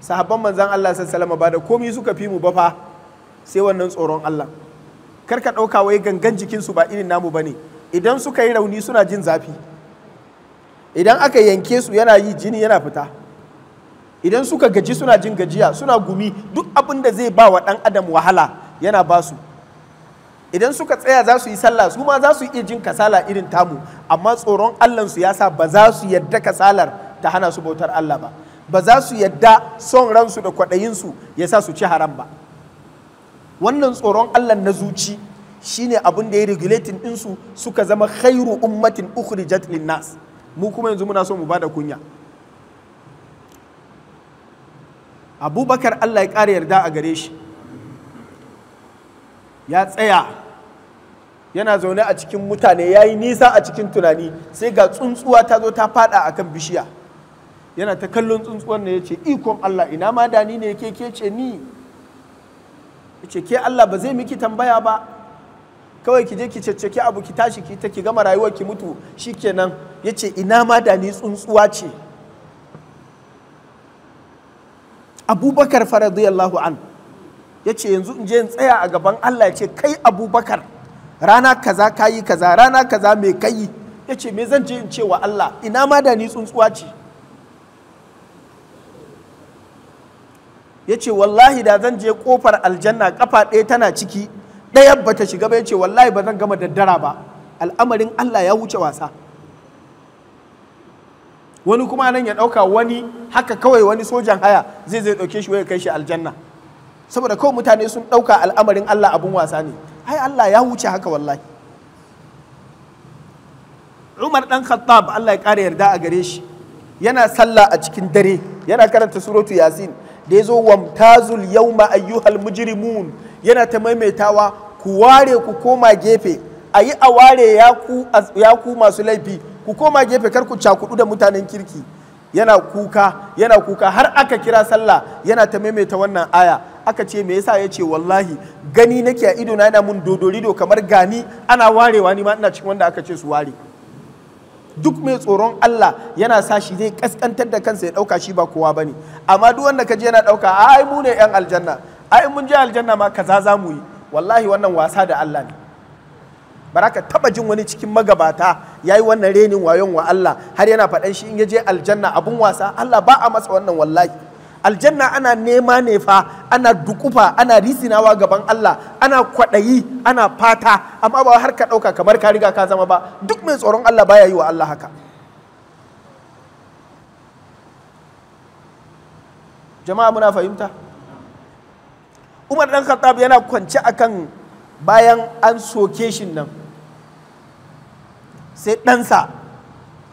sahabban manzan Allah sallallahu ba da komi suka fi mu ba fa sai wannan tsoron Allah kar ka ɗauka wai gangan jikin su ba irin namu bane idan suka yi rauni suna jin zafi idan aka yanke su yana yi jini yana fita idan suka gaji suna jin gajiya suna gumi duk abin da zai ba wa dan adam wahala yana ba su idan suka tsaya za su yi sallah su ma za su iya jin kasala irin tamu amma tsoron su ya sa ba za su yarda kasalar ta hana su bautar allah ba ba za su yadda son ransu da kwaɗayinsu ya sa su ci haram ba wannan tsoron Allah na zuci shine abin da ya regulating ɗinsu suka zama khairu ummatin ukhrijat linnas mu kuma yanzu muna so mu bada kunya abubakar Allah ya ƙara yarda a gare shi ya tsaya yana zaune a cikin mutane ya yi nisa a cikin tunani sai ga tsuntsuwa ta zo ta fada akan bishiya yana ta kallon tsuntsuwan ne ya ce ikon Allah ina ma da ni ne ke ke ce ni ya ce ke Allah ba zai miki tambaya ba kawai ki je ki cecceki abu ki tashi ki ta ki gama rayuwar ki mutu shikenan ya ce ina ma da ni tsuntsuwa ce abubakar faradiyallahu an ya ce yanzu in je in tsaya a gaban Allah ya ce kai abubakar rana kaza kayi kaza rana kaza mai kayi ya ce me zan je in ce wa Allah ina ma da ni tsuntsuwa ce ya ce wallahi da zan je kofar aljanna kafa ɗaya tana ciki ɗaya ba ta shiga ba ya ce wallahi ba zan gama daddara ba al'amarin Allah ya wuce wasa wani kuma nan ya ɗauka wani haka kawai wani sojan haya zai zai ɗauke shi ya kai shi aljanna saboda kawai mutane sun ɗauka al'amarin Allah abun wasa ne ai Allah ya wuce haka wallahi Umar ɗan Khattab Allah ya ƙara yarda a gare shi yana sallah a cikin dare yana karanta suratu Yasin da ya zo wamtazul yau ayyuhal mujrimun yana ta maimaitawa ku ware ku koma gefe a yi a ware ya ku masu laifi ku koma gefe kar ku cakudu da mutanen kirki yana kuka yana kuka har aka kira sallah yana ta maimaita wannan aya aka ce me yasa ya ce wallahi gani nake a ido na yana mun dodorido kamar gani ana warewa ni ma ina cikin wanda aka ce su ware duk mai tsoron Allah yana sa shi zai kaskantar da kansa ya dauka shi ba kowa ba ne. amma duk wanda ka je yana dauka ai mu ne yan aljanna ai mun je aljanna ma kaza za mu yi wallahi wannan wasa da Allah ne baraka taba jin wani cikin magabata yayi wannan renin wayon wa Allah har yana faɗan shi in ya je aljanna abun wasa Allah ba a masa wannan wallahi aljanna ana nema ne fa ana dukufa ana risinawa gaban Allah ana kwaɗayi ana fata amma ba har ka ɗauka kamar ka riga ka zama ba duk mai tsoron Allah baya yi wa Allah haka jama'a muna fahimta umar dan khattab yana kwance akan bayan an soke shi nan sai ɗansa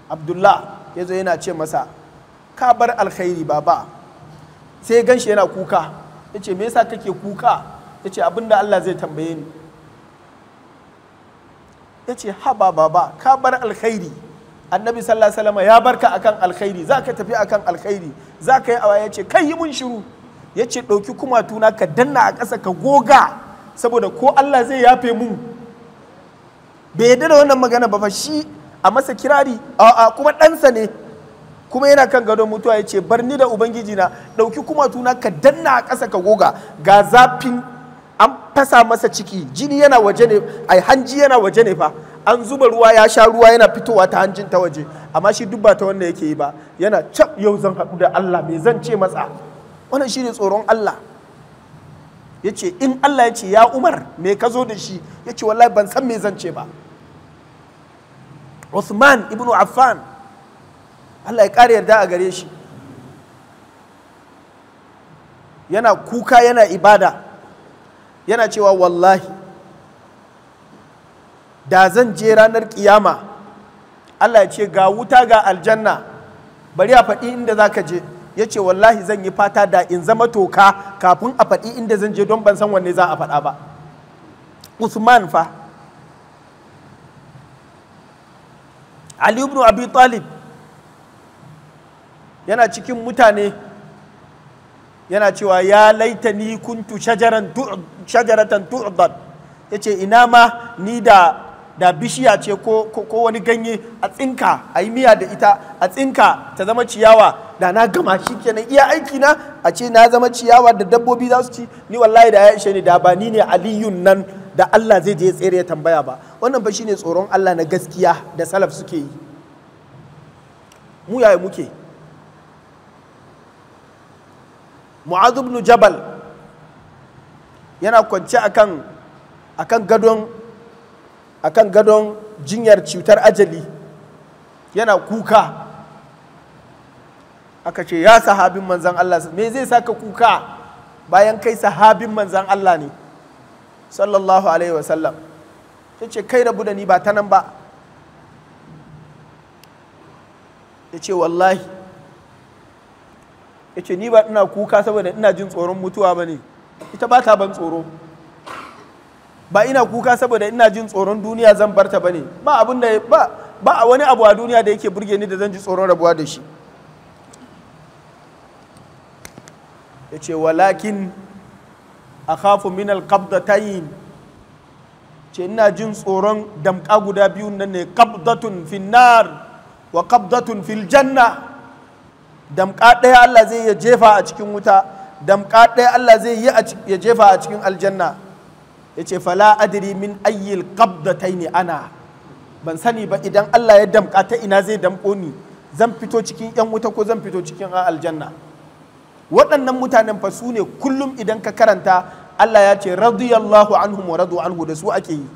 abdullah ya zo yana ce masa ka bar alkhairi baba sai gan shi yana kuka ya ce me yasa kake kuka ya ce abinda Allah zai tambaye ni ya ce haba baba ka bar alkhairi annabi sallallahu alaihi ya barka akan alkhairi za ka tafi akan alkhairi za ka yi awa ya ce kai yi mun shiru ya ce ɗauki kumatuna ka danna a ƙasa ka goga saboda ko Allah zai yafe mu bai yarda da wannan magana ba fa shi a masa kirari a kuma ɗansa ne kuma yana kan gadon mutuwa ya ce bar ni da ubangiji na ɗauki kuma tuna ka danna a ƙasa ka goga ga zafin an fasa masa ciki jini yana waje ne ai hanji yana waje ne fa an zuba ruwa ya sha ruwa yana fitowa ta hanjin ta waje amma shi duk ba ta wanda yake yi ba yana cap yau zan haɗu da Allah me zan ce matsa wannan shine tsoron Allah ya ce in Allah ya ce ya Umar me ka zo da shi ya ce wallahi ban san me zan ce ba Uthman ibnu Affan Allah ya ƙara yarda a gare shi yana kuka yana ibada yana cewa wallahi da zan je ranar kiyama Allah ya ce ga wuta ga aljanna bari a faɗi inda za ka je ya ce wallahi zan yi fata da in zama toka kafin a faɗi inda zan je don ban san wanne za a faɗa ba Usman fa Ali ibn Abi Talib yana cikin mutane yana cewa ya laita ni kuntu shajaratan tu'dad ya ce ina ma ni da da bishiya ce ko, wani ganye a tsinka a yi miya da ita a tsinka ta zama ciyawa da na gama shi kenan iya aiki na a ce na zama ciyawa da dabbobi za su ci ni wallahi da ya ishe ni da ba ni ne aliyun nan da Allah zai je ya tsere ya tambaya ba wannan ba shi ne tsoron Allah na gaskiya da salaf suke yi mu yaya muke mu'adh jabal yana kwance akan gadon jinyar cutar ajali yana kuka aka ce ya sahabin manzan Allah me zai saka kuka bayan kai sahabin manzan Allah ne sallallahu alaihi wasallam ta ce kai rabu da ni ba ta nan ba ya ce wallahi ya ce ni ba ina kuka saboda ina jin tsoron mutuwa ba ne ita ba ta ban tsoro ba ina kuka saboda ina jin tsoron duniya zan barta ba ne ba abin da ba ba a wani abu a duniya da yake burge ni da zan ji tsoron rabuwa da shi ya ce walakin a khafu min alqabdatayn ce ina jin tsoron damka guda biyun nan ne qabdatun finnar wa qabdatun fil janna damƙa ɗaya Allah zai ya jefa a cikin wuta damƙa ɗaya Allah zai yi ya jefa a cikin aljanna ya ce fala adiri min ayyil qabdatai ne ana ban sani ba idan Allah ya damƙa ta ina zai damƙo ni zan fito cikin yan wuta ko zan fito cikin aljanna waɗannan mutanen fa su ne kullum idan ka karanta Allah ya ce radiyallahu anhum wa radu anhu da su ake yi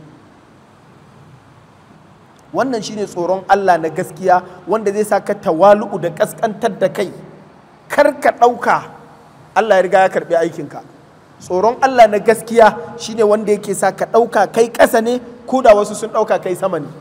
wannan shine tsoron Allah na gaskiya wanda zai sa ka tawalu'u da kaskantar da kai kar ka ɗauka Allah ya riga ya karɓi aikinka tsoron Allah na gaskiya shine wanda yake sa ka ɗauka kai ƙasa ne ko da wasu sun ɗauka kai sama ne